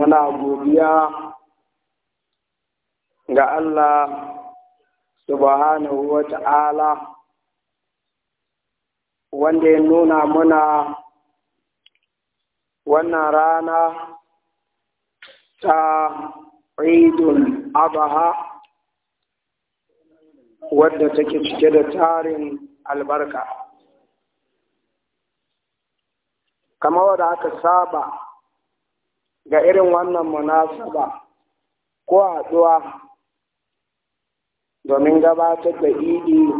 muna godiya ga Allah subhanahu wa ta'ala wanda ya nuna muna wannan rana ta idul abaha wadda take cike da tarin albarka kamar wadda aka saba ga irin wannan munasaba ko haɗuwa domin gabatar da idi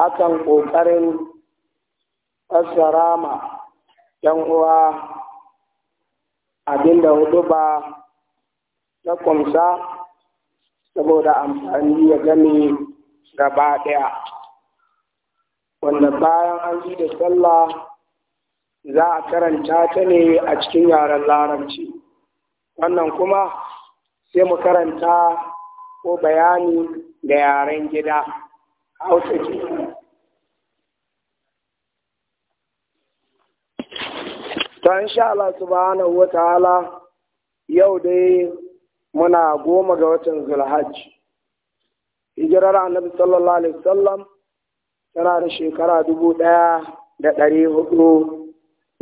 akan ƙoƙarin fassarama ‘yan uwa abinda hudu ba na kumsa saboda amfani ya gani gaba ɗaya wanda bayan an yi da sallah za a karanta ta ne a cikin yaren larabci wannan kuma sai mu karanta ko bayani da yaren gida hausa ke ta insha Allah subhanahu wa ta'ala yau dai muna goma ga watan zulhajji hijirar annabi sallallahu alaihi wasallam tana da shekara dubu ɗaya da ɗari hudu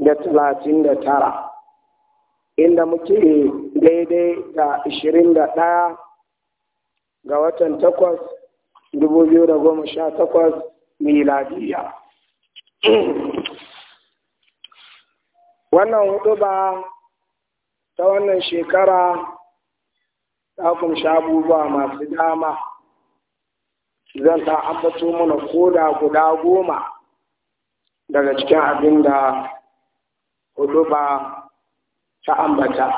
da talatin da tara inda muke daidai da ashirin da ɗaya ga watan takwas dubu biyu da goma sha takwas miladiya wannan hudu ba ta wannan shekara ta kunshi abubuwa masu dama zan ta ambato mana koda guda goma daga cikin abin da hudu ba ta ambata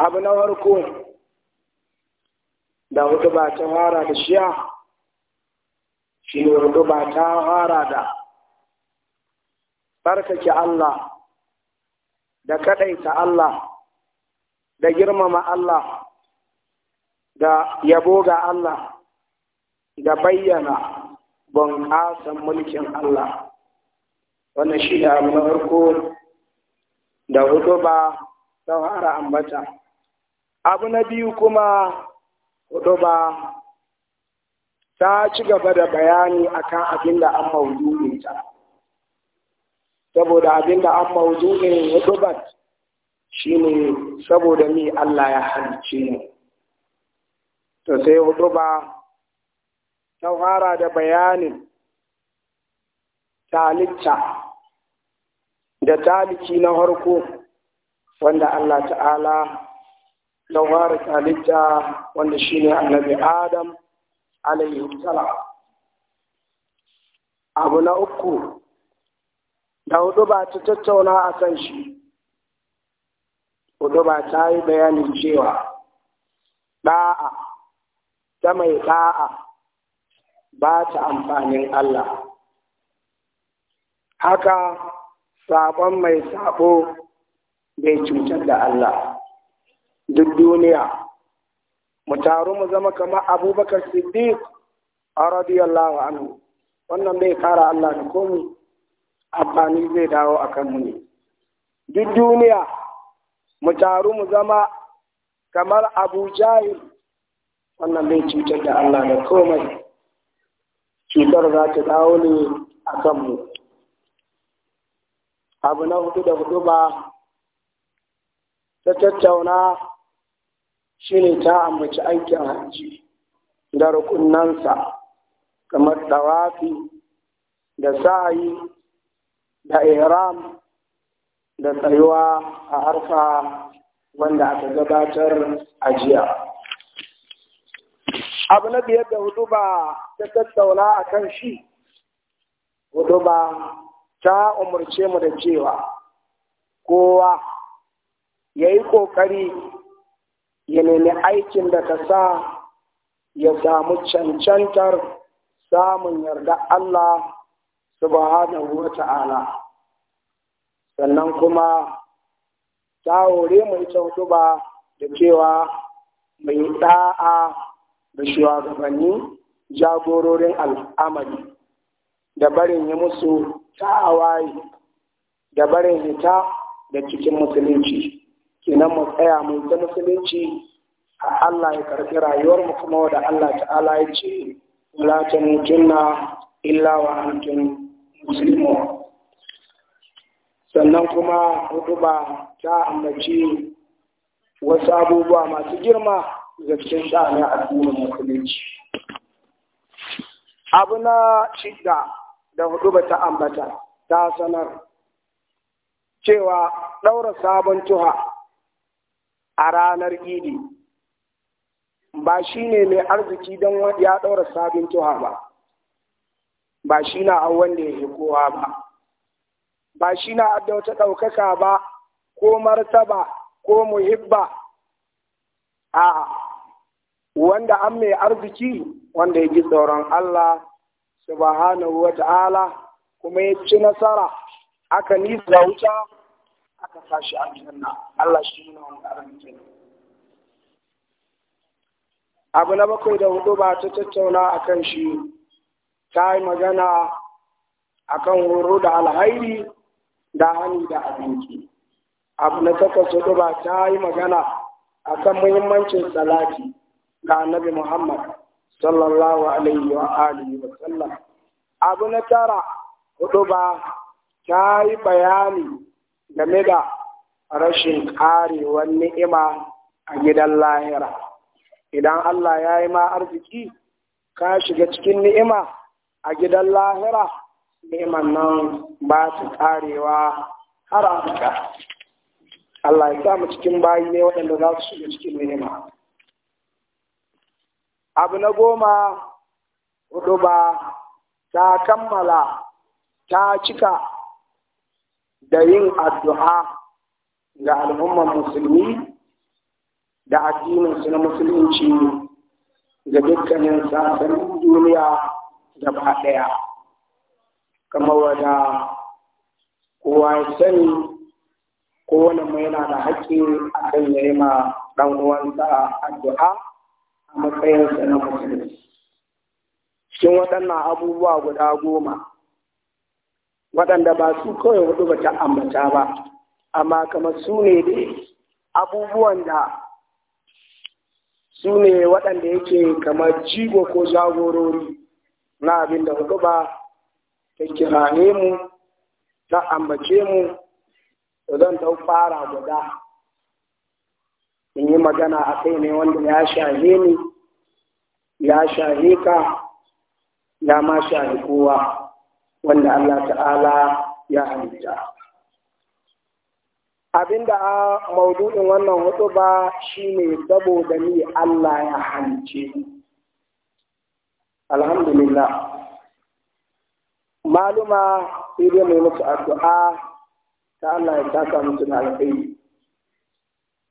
abu na farko da hudu ba ta fara da shiya shi ne hudu ba ta fara da tsarkake Allah da kaɗaita Allah da girmama Allah da yabo ga Allah da bayyana bunƙasan mulkin Allah wannan shi da abu na farko da hudu ba ta ambata abu na biyu kuma hudu ba ta ci gaba da bayani akan abin da an maudu'in ta saboda abin da an maudu'in hudu ba shi ne saboda ni Allah ya halicce ni, to sai hudu ba ta da bayanin talitta da taliki na harko wanda Allah ta'ala ya ware talitta wanda shine annabi Adam alayhi salam abu na uku da hudu ba ta tattauna a kan shi hudu ba ta yi bayanin cewa ɗa'a ta mai ɗa'a ba ta amfanin Allah haka sabon mai sabo bai cutar da Allah duk duniya mu taru mu zama kamar abubakar siddiq a radiyallahu anhu wannan bai kara Allah da komi amfani zai dawo a kanmu ne duk duniya mu taru mu zama kamar abu jahil wannan bai cutar da Allah da komai cutar za ta dawo ne a kanmu abu na hudu da hudu ba ta tattauna shi ne ta ambaci aikin hajji da rukunansa kamar tawafi da sa'ayi da ihram da tsayuwa a harfa wanda aka gabatar a jiya abu na biyar da hudu ba ta tattauna a kan shi hudu ba ta umarce mu da cewa kowa ya yi ƙoƙari ya nemi aikin da ka sa ya samu cancantar samun yarda Allah subhanahu wa ta'ala sannan kuma ta hore mu ita ba da cewa mai ɗa'a da shugabanni jagororin al'amari da barin yi musu ta'awaye da barin hita da cikin musulunci kenan mu tsaya mu ta musulunci a Allah ya karfi rayuwar mu kuma da Allah ta'ala ya ce wala juna illa wa antum muslimun sannan kuma Hukuma ta ambaci wasu abubuwa masu girma da cikin sha'anin addinin musulunci abu na shida da hudu ba ta ambata ta sanar cewa ɗaura sabon tuha a ranar idi ba shi ne mai arziki don ya ɗaura sabon tuha ba ba shi na wanda ya kowa ba ba shi na wata ɗaukaka ba ko martaba ko muhibba a wanda an mai arziki wanda ya ji tsoron Allah subhanahu wa ta'ala kuma ya ci nasara aka nisa wuta aka a aljanna Allah shi nuna wani karan abu na bakwai da hudu ba ta tattauna akan shi ta yi magana akan horo da alhairi da hannu da abinci abu na takwas hudu ba ta yi magana akan muhimmancin salati ga annabi Muhammad sallallahu alaihi wa alihi wa sallam abu na tara hudu ba ta yi bayani game da rashin karewar ni'ima a gidan lahira idan Allah ya yi ma arziki ka shiga cikin ni'ima a gidan lahira ni'iman nan ba ta karewa har abada Allah ya sa mu cikin bayi ne waɗanda za su shiga cikin ni'ima abu na goma hudu ba ta kammala ta cika da yin addu'a ga al'umman musulmi da addinin su na musulunci ga dukkanin sassanin duniya gaba ɗaya kamar wada kowa ya sani kowane mai yana da haƙƙi a kan ya yi ma ɗan uwansa addu'a a matsayinsa na musulunci cikin waɗannan abubuwa guda goma waɗanda ba su kawai hudu ba ta ambata ba amma kamar su ne abubuwan da su ne waɗanda yake kamar jigo ko jagorori na abin da hudu ba ta kirane mu ta ambace mu zan ta fara guda in yi magana a kai ne wanda ya shahe ni ya shahe ka ya ma shahe kowa wanda Allah ta'ala ya halitta abinda a maudu'in wannan hudu ba shi ne saboda ni Allah ya halice alhamdulillah maluma sai mai musu addu'a ta Allah ya taka musu da alkhairi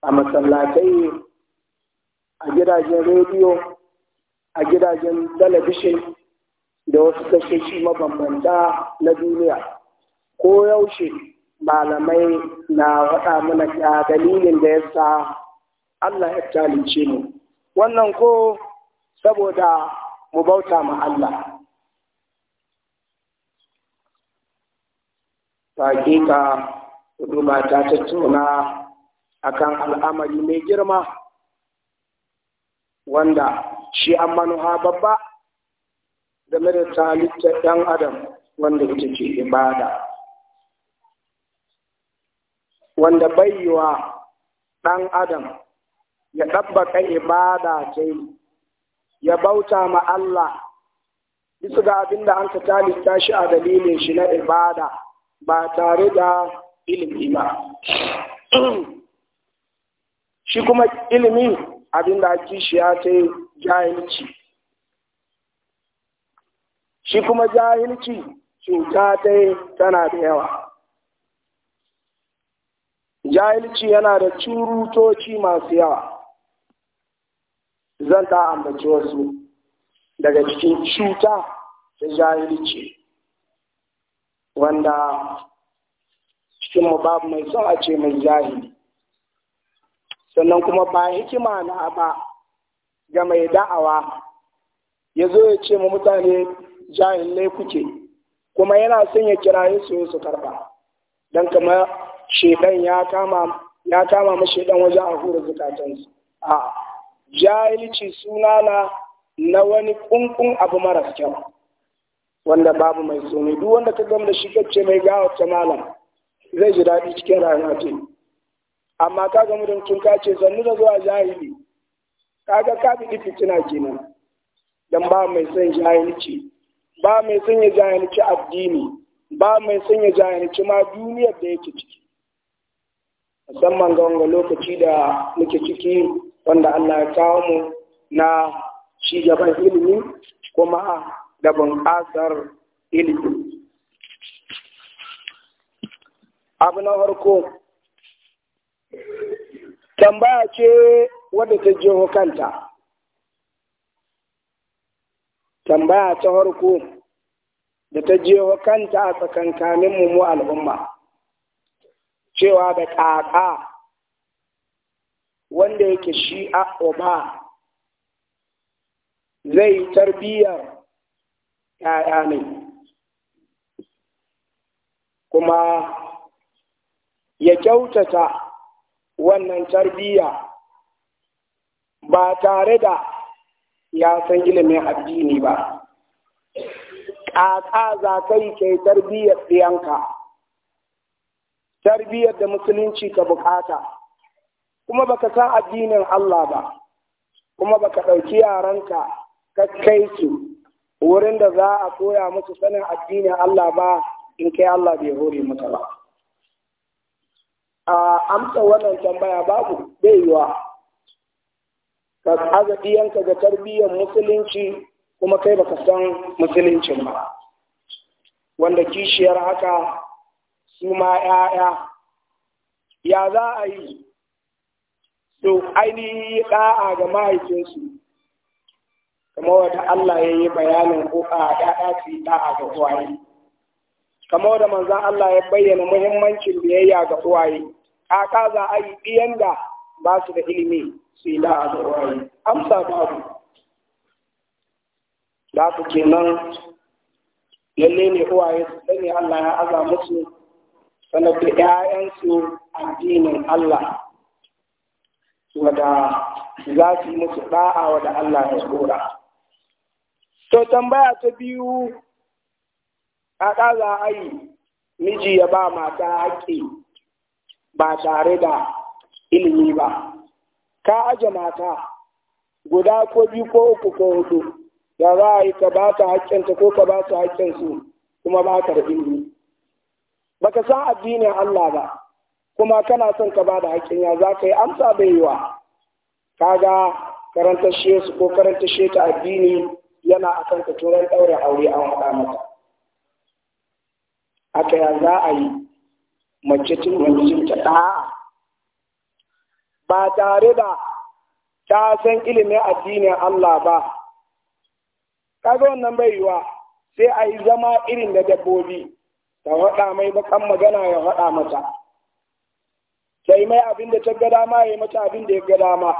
a masallatai a gidajen rediyo a gidajen talabishin da wasu tashoshi mabambanta na duniya ko yaushe malamai na waɗa mana da dalilin da ya sa Allah ya talice mu wannan ko saboda mu bauta ma Allah hakika huduma ta tattuna akan al'amari mai girma wanda shi an manuha babba game da talittar ɗan adam wanda ita ce ibada wanda baiwa ɗan adam ya ɗabbaka ibada ta yi, ya bauta ma Allah bisa ga abin da an ka talitta shi a dalilin shi na ibada ba tare da ilimi ba shi kuma ilimi abin da ake shi ya ta jahilci shi kuma jahilci cuta ta tana da yawa jahilci yana da curutoci masu yawa zan ta ambaci wasu daga cikin cuta ta jahilci wanda cikin babu mai son a ce mai jahili sannan kuma ba hikima na ba ga mai da'awa ya zo ya ce ma mutane jahilai kuke kuma yana son ya kira su su karba don kama shaidan ya kama ya kama ma shaidan wajen a hura zukatansu a jahilci suna na na wani kunkun abu maras kyau wanda babu mai tsoni duk wanda ka gama da shi kacce mai gawa ta malam zai ji daɗi cikin rayuwa ce amma kaga mutum ka ce zannu da zuwa jahili kaga ka bi fitina kenan dan ba mai san jahilci ba mai san ya jahilci addini ba mai san ya jahilci ma duniyar da yake ciki musamman ga wanga lokaci da muke ciki wanda Allah ya kawo mu na ci gaban ilimi kuma da bunƙasar ilimi abu na farko tambaya ce wadda ta jeho kanta tambaya ta harko da ta je kanta a tsakankanin mu al'umma cewa da ƙaƙa wanda yake shi a oba zai tarbiyyar ‘ya'ya ne kuma ya kyautata wannan tarbiyya ba tare da ya san ilimin addini ba ƙaƙa za ka yi kai tarbiyyar ɗiyanka tarbiyyar da musulunci ka bukata kuma baka san addinin Allah ba kuma baka ɗauki yaranka ka kai su wurin da za a koya musu sanin addinin Allah ba in kai Allah bai hore mutu ba. a amsa wannan tambaya babu baiwa ka aza ɗiyanka ga tarbiyyar musulunci kuma kai baka san musuluncin ba wanda kishiyar haka su ma ‘ya'ya ya za a yi to yi ɗa'a ga mahaifinsu kamar wata Allah ya yi bayanin ko a ‘ya'ya su yi ɗa'a ga uwaye kamar wata manzan Allah ya bayyana muhimmancin biyayya ga uwaye kaka za a yi ɗiyan da ba su da ilimi su yi da azurwari amsa babu da ke nan, lalle ne uwaye su sani Allah ya aza musu sanar da ‘ya'yansu addinin Allah wada za su yi musu ɗa'a wada Allah ya tsora. To tambaya ta biyu a yi miji ya ba mata haƙƙi ba tare da ilimi ba ka aje mata guda ko biyu ko uku ko hudu da za a yi ka ba ta haƙƙinta ko ka ba ta haƙƙinsu kuma ba ka da ilimi ka san addinin Allah ba kuma kana son ka ba da haƙƙin ya za ka yi amsa bai yi wa kaga karanta shi su ko karanta shi ta addini yana a kan ka ɗaure aure an haɗa mata haka ya za a yi mace ce mijinta ta ba tare da ta san ilimin addinin Allah ba kaga wannan bai yiwa sai a yi zama irin da dabbobi ta haɗa mai bakan magana ya haɗa mata ta yi mai abin da ta ga dama ya yi mata abin da ya ga dama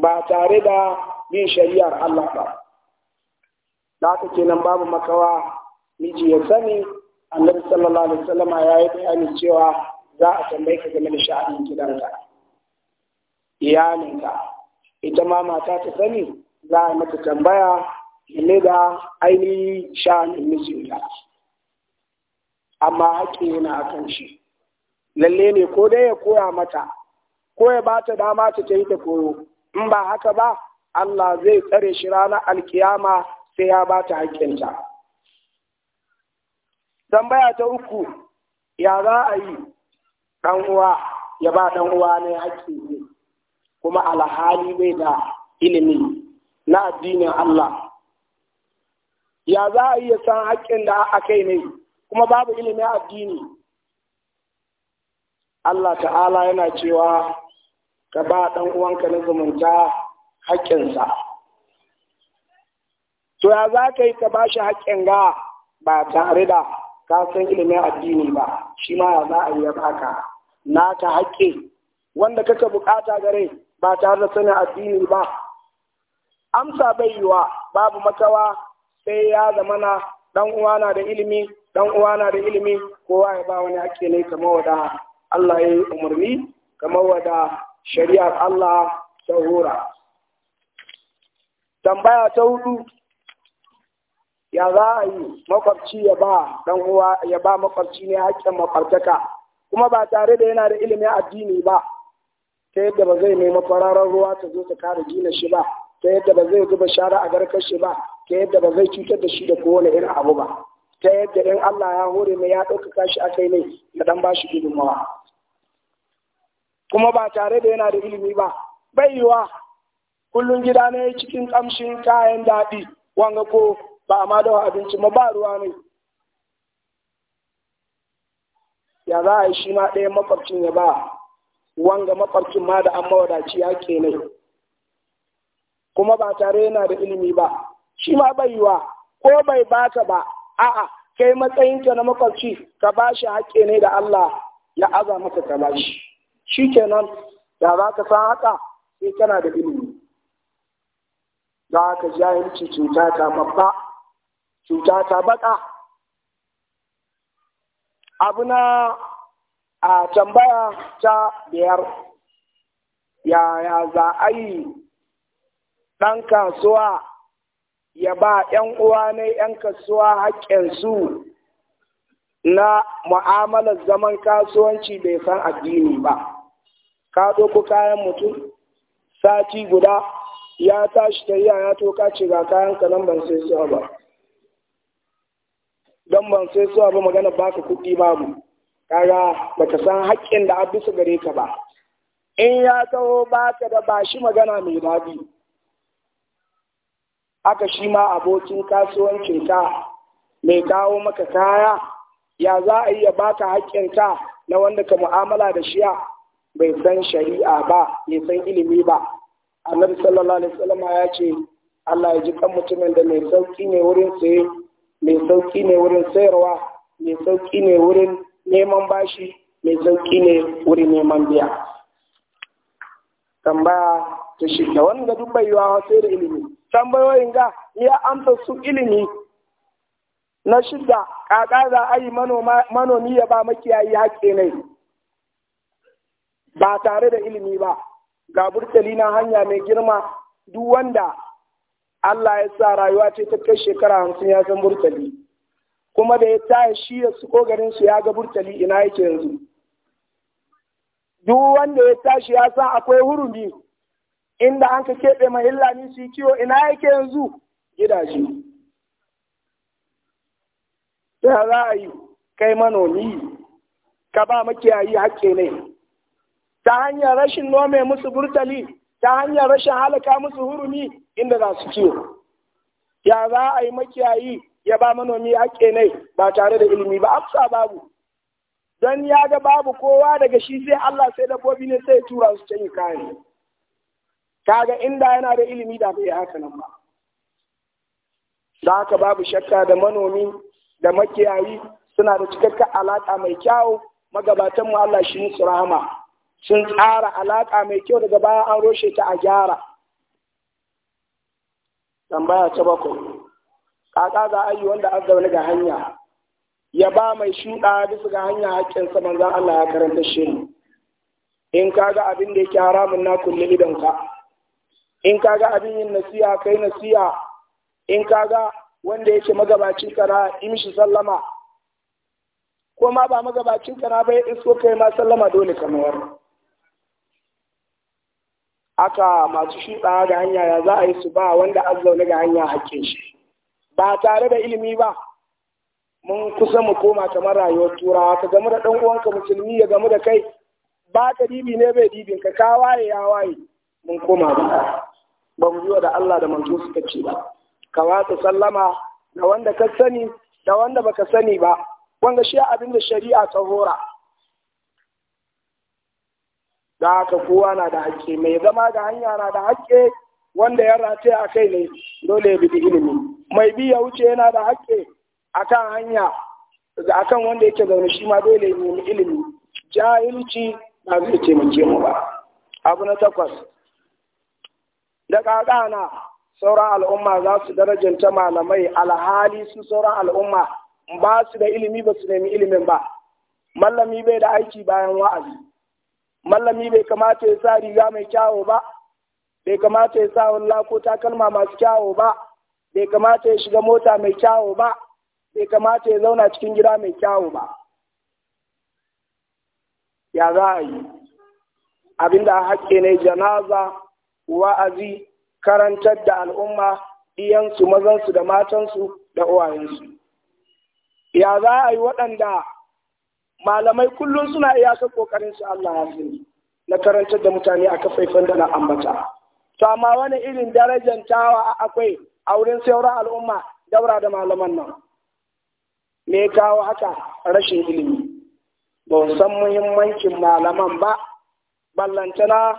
ba tare da bin shari'ar Allah ba da haka kenan babu makawa miji ya sani annabi sallallahu alaihi wasallama ya yi bayani cewa za a tambaye ka game da sha'anin gidanka iyalinka ita ma mata ta sani za a mata tambaya game da ainihin sha'anin mijinta amma haƙƙi yana akan shi lalle ne ko dai ya koya mata ko ya ba ta dama ta ta yi ta koyo in ba haka ba Allah zai tsare shi ranar alkiyama sai ya ba ta haƙƙinta tambaya ta uku ya za a yi ɗan uwa ya ba ɗan uwa ne ake yi kuma alhali bai da ilimi na addinin Allah ya za a yi ya san haƙƙin da aka yi ne kuma babu ilimin addini Allah ta'ala yana cewa ka ba ɗan uwanka na zumunta haƙƙinsa to ya za ka yi ka ba shi haƙƙin ga ba tare da ka san ilimin addini ba shi ma ya za a yi baka na ta haƙƙi wanda kaka bukata gare ba tare da sanin addini ba amsa bai yiwa babu makawa sai ya zamana dan uwa na da ilimi dan uwa na da ilimi kowa ya ba wani haƙƙi ne kamar wada Allah ya yi umarni kamar wada shari'ar Allah ta hura tambaya ta hudu ya za a yi makwabci ya ba dan uwa ya ba makwabci ne haƙƙin makwabtaka kuma ba tare da yana da ilimin addini ba ta yadda ba zai nemi fararen ruwa ta zo ta kare gina shi ba ta yadda ba zai zuba shara a garkar shi ba ta yadda ba zai cutar da shi da kowane irin abu ba ta yadda in Allah ya hore mai ya ɗaukaka shi akai ne ya ɗan ba shi gudunmawa kuma ba tare da yana da ilimi ba bai yiwa kullum gida ne cikin kamshin kayan daɗi wanga ko ba a ma dawa abinci ma ba ruwa ne ya za a yi shi ma ɗaya makwabcin ya ba wanga makwabcin ma da an mawadaci ya ke ne kuma ba tare yana da ilimi ba shi ma bai wa ko bai baka ba a'a kai matsayinka na makwabci ka ba shi haƙe ne da Allah ya aza maka ka ba shi shi kenan da za ka san haka sai kana da ilimi za ka jahilci cuta ta mabba cuta ta baka abu na a tambaya ta biyar yaya za a yi ɗan kasuwa ya ba ‘yan uwa na ‘yan kasuwa haƙƙinsu na mu'amalar zaman kasuwanci bai san addini ba. Ka ɗauko kayan mutum, sati guda ya tashi ta yi ya toka ce ga kayan kanan ban sai ba. don ban sai suwa ba magana ba ka kuɗi babu kaga ka san haƙƙin da an bisa gare ka ba in ya kawo baka da ba shi magana mai daɗi aka shi ma abokin ka mai kawo maka kaya ya za a iya baka haƙƙinka na wanda ka mu'amala da shi bai san shari'a ba bai san ilimi ba annabi sallallahu alaihi wasallam ya ce Allah ya ji kan mutumin da mai sauki ne wurin saye mai sauki ne wurin sayarwa mai sauki ne wurin neman bashi mai sauki ne wurin neman biya tambaya ta shi da wanda duk bai yiwa sai da ilimi tambayoyin ga ya amsa su ilimi na shida kaka za a yi manomi ya ba makiyayi haƙƙi ne ba tare da ilimi ba ga burtali na hanya mai girma duk wanda Allah ya sa rayuwa ce ta kai shekara hamsin ya san burtali kuma da ya tashi shi ya su ko su ya ga burtali ina yake yanzu duk wanda ya tashi ya san akwai hurumi inda an ka keɓe mahilla ni su yi kiwo ina yake yanzu gidaje ta za a yi kai manomi ka ba makiyayi hakke ne ta hanyar rashin nome musu burtali ta hanyar rashin halaka musu hurumi inda za su ciwo ya za a yi makiyayi ya ba manomi haƙƙe ne ba tare da ilimi ba afsa babu don ya ga babu kowa daga shi sai Allah sai dabbobi ne sai tura su can kare kaga inda yana da ilimi da bai haka nan ba Za ka babu shakka da manomi da makiyayi suna da cikakken alaƙa mai kyau, magabatanmu Allah shi musu rahama sun tsara alaƙa mai kyau daga baya an roshe ta a gyara tambaya ta bakwai Ƙaƙa za a yi wanda an zaune ga hanya ya ba mai shuɗa bisa ga hanya haƙƙinsa manzan Allah ya karanta shiri in ka ga abin da yake haramun na kulle idonka in ka ga abin yin nasiya kai nasiya in ka ga wanda yake magabacin kara yi mishi sallama ko ma ba magabacin kara bai iso kai ma sallama dole kamar aka masu shuɗa ga hanya ya za a yi su ba wanda an zaune ga hanya hake shi ba tare da ilimi ba mun kusa mu koma kamar rayuwar turawa ka gamu da ɗan'uwanka musulmi ya gamu da kai ba ka dibi ne bai dibin ka ka waye ya waye mun koma ba ba mu da Allah da manzo suka ce ba ka watsa sallama da wanda ka sani da wanda baka sani ba wanda shi abin da shari'a ta hora da haka kowa na da hakke. mai zama da hanya na da hakke. wanda ya race a kai ne dole ya bi ilimi mai bi ya wuce yana da a akan hanya akan wanda yake zaune shi ma dole ya nemi ilimi jahilci ba zai taimake mu ba abu na takwas da na, sauran al'umma za su darajanta malamai alhali su sauran al'umma ba su da ilimi ba su nemi ilimin ba mallami bai da aiki bayan wa'azi mallami bai kamata ya sa riga mai kyawo ba bai kamata ya sa walla ko takalma masu kyawo ba bai kamata ya shiga mota mai kyawo ba bai kamata ya zauna cikin gida mai kyawo ba ya za a yi abinda a haƙƙe ne janaza wa'azi karantar da al'umma ɗiyansu mazansu da matansu da uwayensu ya za a yi waɗanda malamai kullum suna iyaka kokarin su Allah ya sani na karantar da mutane a kafaifan da na ambata to amma wani irin darajar tawa akwai a wurin sauran al'umma daura da malaman nan me kawo haka rashin ilimi ba san muhimmancin malaman ba ballantana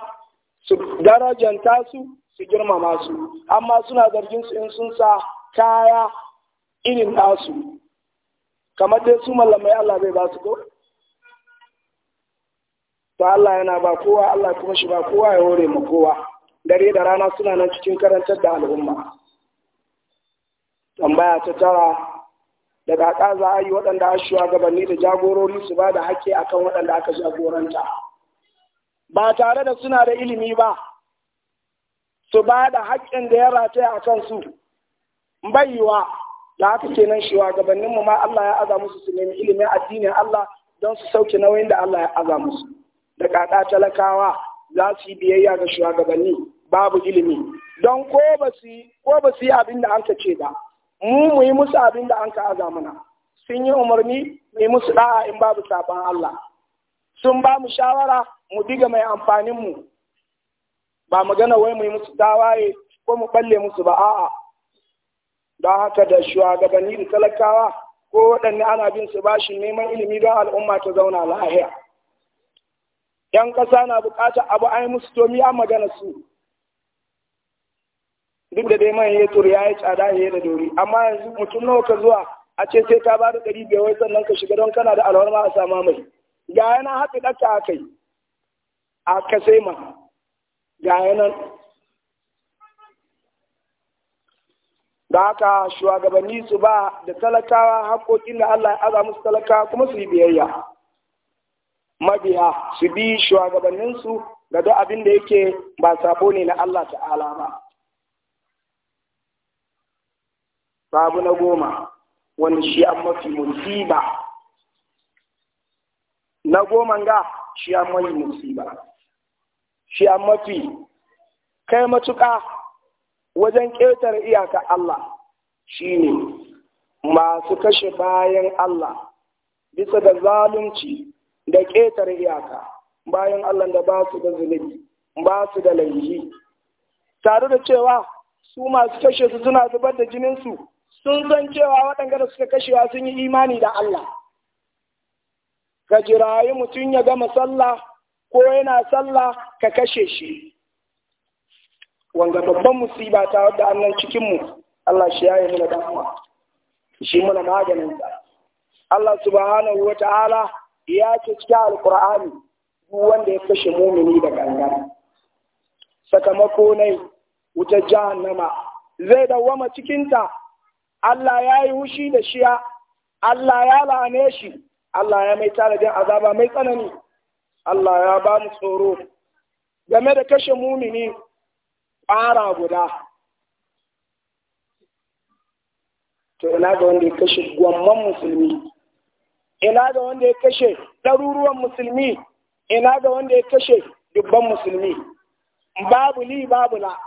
su darajanta su su girmama su amma suna zargin su in sun sa kaya irin tasu. kamar dai su malamai Allah bai ba su ko to Allah yana ba kowa Allah kuma shi ba kowa ya hore mu kowa dare da rana suna nan cikin karantar da al'umma tambaya ta tara daga kaza za a yi waɗanda a shugabanni da jagorori su ba da haƙƙi akan waɗanda aka jagoranta ba tare da suna da ilimi ba su ba da haƙƙin da ya rataya a su. baiwa da haka kenan shugabannin mu ma Allah ya aza musu su nemi ilimin addinin Allah don su sauke nauyin da Allah ya aza musu da kada talakawa za su yi biyayya ga shugabanni babu ilimi don ko ba su ko ba su yi abin da an ka ce ba mu mu yi musu abin da an ka aza mana sun yi umarni mu yi musu da'a in babu saban Allah sun ba mu shawara mu diga mai amfanin mu ba magana wai mu yi musu tawaye ko mu balle musu ba a'a don haka da shugabanni da talakawa ko waɗanne ana bin su ba shi neman ilimi don al'umma ta zauna lahiya yan ƙasa na buƙatar abu yi musu tomi an magana su duk da dai man turu ya yi tsada ya yi da dori amma yanzu mutum nawa ka zuwa a ce sai ka da ɗari biyar wai sannan ka shiga don kana da alwarma a sama mai ga yana haɗi ɗaka a kai a sai ma ga yana da haka shugabanni su ba da talakawa haƙoƙin da Allah ya aza musu talaka kuma su yi biyayya mabiya su bi shugabanninsu ga duk abin da yake ba sabo ne na Allah ta'ala ba babu na goma wani shi an mafi musiba na goma ga shi an mafi musiba shi an mafi kai matuƙa wajen ƙetar iyaka Allah shi ne masu kashe bayan Allah bisa da zalunci da ƙetar iyaka bayan Allah da ba su da zunubi ba su da laifi tare da cewa su masu kashe su suna zubar da jininsu sun san cewa waɗanda da suka kashewa sun yi imani da Allah ka jirayi mutum ya gama sallah ko yana sallah ka kashe shi wanga babban musiba ta wadda annan cikinmu, Allah shi yi mana damuwa shi mana maganin ta Allah subhanahu wa ta'ala ya ce cikin alqur'ani duk wanda ya kashe mumini da gangan sakamako ne wutar jahannama zai dawwama cikinta Allah ya yi hushi da shiya Allah ya la'ane shi Allah ya mai tanadin azaba mai tsanani Allah ya ba mu tsoro game da kashe mumini ƙara guda to ina ga wanda ya kashe gwamman musulmi ina ga wanda ya kashe ɗaruruwan musulmi ina ga wanda ya kashe dubban musulmi babu li babu la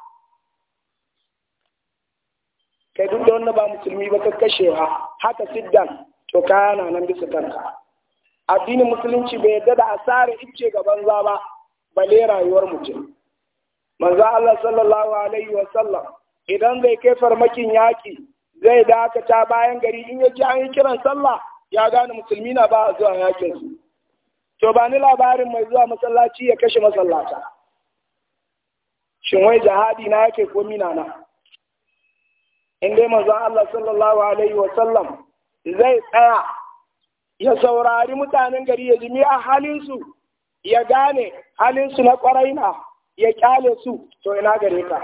kai duk da wanda ba musulmi ba ka kashe ha haka siddan to kana nan bisa kanka addinin musulunci bai yadda da asara icce ga banza ba bale rayuwar mutum manzo Allah sallallahu alaihi wa sallam idan zai kai farmakin yaki zai dakata bayan gari in ya ji an yi kiran sallah ya gane musulmi na ba a zuwa yakin su to ba ni labarin mai zuwa masallaci ya kashe masallata shin wai jihadi na yake ko mina na in dai manzo Allah sallallahu alaihi wa sallam zai tsaya ya saurari mutanen gari ya ji a halin su ya gane halin su na kwarai na ya kyale su to ina gare ka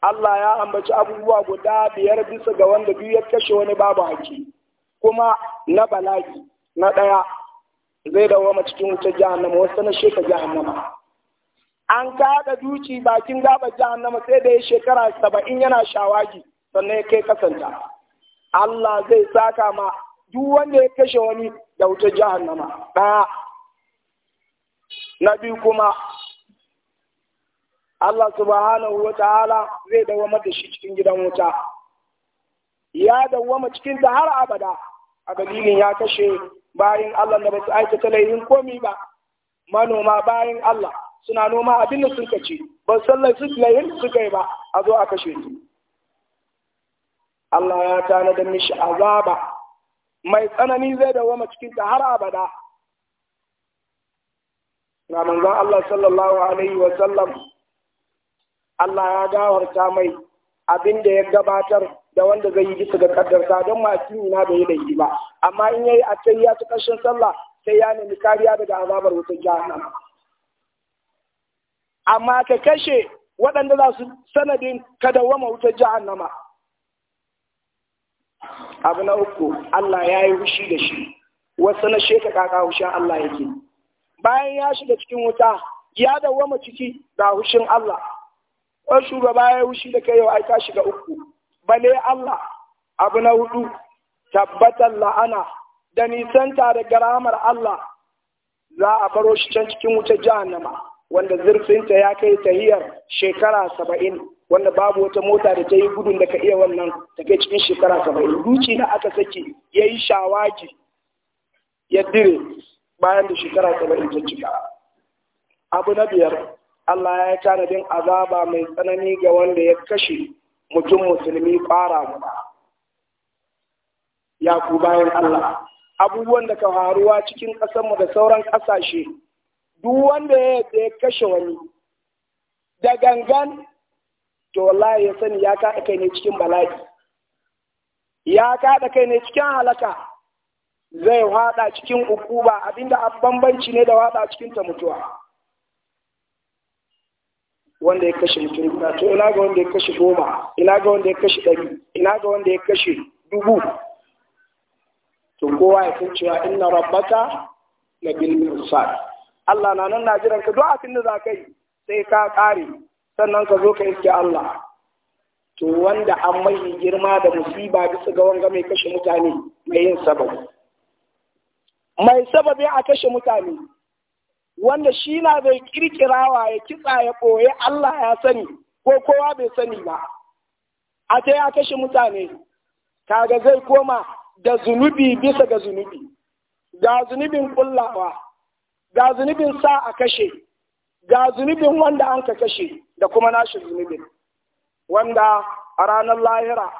Allah ya ambaci abubuwa guda biyar bisa ga wanda biyu ya kashe wani babu haƙi kuma na bala'i na ɗaya zai dawoma cikin wutar jahannama wasu na sheka jahannama an kada duci bakin gaba jahannama sai da ya shekara saba'in yana shawagi sannan ya kai kasanta Allah zai saka ma duk wanda ya kashe wani da wutar jahannama ɗaya na biyu kuma Allah subhanahu wa ta'ala zai dawamar da shi cikin gidan wuta ya dawama cikin ta har abada a dalilin ya kashe bayan Allah da ba su aikata laifin komi ba manoma bayan Allah suna noma abin da suka ce, ba san laifin laifin suka yi ba a zo a kashe su Allah ya tana da mishi azaba mai tsanani zai dawama cikin ta har abada na manzon Allah sallallahu alaihi wa sallam Allah ya gawarta mai abin da ya gabatar da wanda zai yi bisa ga kaddarsa don masu na da ya da amma in yayi a kai ya ci ƙarshen sallah sai ya nemi kariya daga azabar wutar jahannam amma ka kashe waɗanda za su sanadin ka dawwama wutar jahannama abu na uku Allah ya yi hushi da shi wasu na sheka kaka hushin Allah yake bayan ya shiga cikin wuta ya dawwama ciki ga hushin Allah ko shugaba ya shi da kai yau ai ka shiga uku bale Allah abu na hudu tabbatar la'ana da nisanta da garamar Allah za a faro shi can cikin wuta jahannama wanda zurfinta ya kai tahiyar shekara saba'in wanda babu wata mota da ta yi gudun da ka iya wannan ta kai cikin shekara saba'in duci na aka saki ya yi shawaki ya dire bayan da shekara saba'in ta cika abu na biyar Allah ya tanadin azaba mai tsanani ga wanda ya kashe mutum musulmi fara guda. Ya ku bayan Allah, abubuwan da ka faruwa cikin ƙasarmu da sauran ƙasashe, duk wanda ya ya kashe wani, da gangan, to wallahi ya sani ya kaɗa kai ne cikin bala'i. Ya kaɗa kai ne cikin halaka, zai waɗa cikin ukuba abinda bambanci ne da waɗa cikin ta mutuwa. wanda ya kashe mutum guda to ina ga wanda ya kashe goma ina ga wanda ya kashe ɗari ina ga wanda ya kashe dubu to kowa ya san cewa inna rabbaka la bil mirsad Allah na nan na jiran ka zuwa abin da za ka yi sai ka kare sannan ka zo ka iske Allah to wanda an mai girma da musiba bisa ga wanga mai kashe mutane mai yin sababi mai sababi a kashe mutane wanda shi na zai kirkirawa ya kitsa ya ɓoye Allah ya sani ko kowa bai sani ba a ta ya kashe mutane kaga zai koma da zunubi bisa ga zunubi ga zunubin kullawa ga zunubin sa a kashe ga zunubin wanda an ka kashe da kuma nashi zunubin wanda a ranar lahira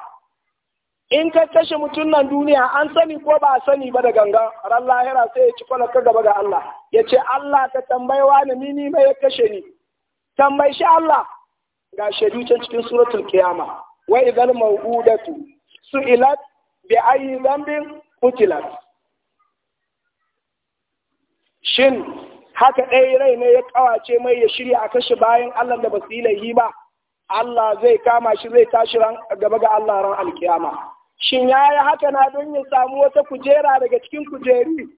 in ka kashe mutum nan duniya an sani ko ba sani ba da ganga ran lahira sai ya ci falaka gaba ga Allah ya ce Allah ka wa ni mini mai ya kashe ni tambayi shi Allah ga shaidu can cikin suratul kiyama wa idan mawudatu su'ilat bi ayi zambin kutilat shin haka ɗaya rai ne ya kawace mai ya shirya a kashe bayan Allah da basu yi ba Allah zai kama shi zai tashi gaba ga Allah ran alkiyama shin ya yi haka na don ya samu wata kujera daga cikin kujeri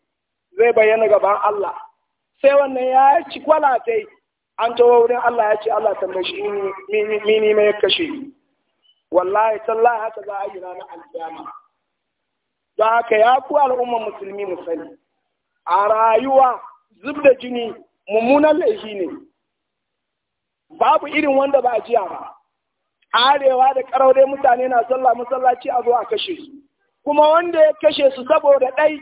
zai bayyana gaban Allah sai wannan ya ci kwalatai an tawo wurin Allah ya ce Allah tambaye shi mini mai kashe wallahi tallahi haka za a yi ranar alkiyama don haka ya ku al'ummar musulmi sani. a rayuwa zub da jini mummunan laifi ne babu irin wanda ba a jiya ba arewa da karaure mutane na sallah masallaci a zo a kashe su kuma wanda ya kashe su saboda ɗai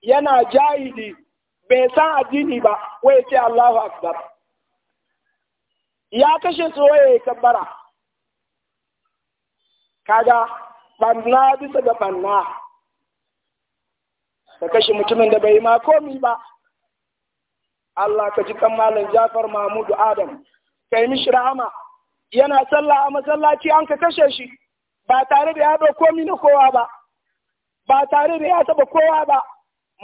yana jahili bai san addini ba wai ce Allahu akbar ya kashe su waye kabbara kaga banna bisa ga banna ka kashe mutumin da bai ma komi ba Allah ka ji kan malam Jafar Mahmudu Adam kai mishi rahama yana sallah a masallaci an ka kashe shi ba tare da ya komi na kowa ba ba tare da ya saba kowa ba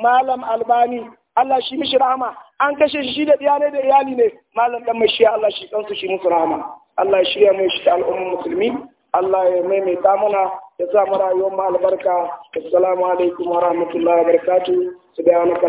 malam albani Allah shi mishi rahama an kashe shi shi da iyalai da iyali ne malam dan mashi Allah shi kansu shi musu rahama Allah ya shirya mai shi ta al'ummar musulmi Allah ya maimaita mana ya sa mu rayuwar mu albarka assalamu alaikum wa rahmatullahi wa barakatuh subhanaka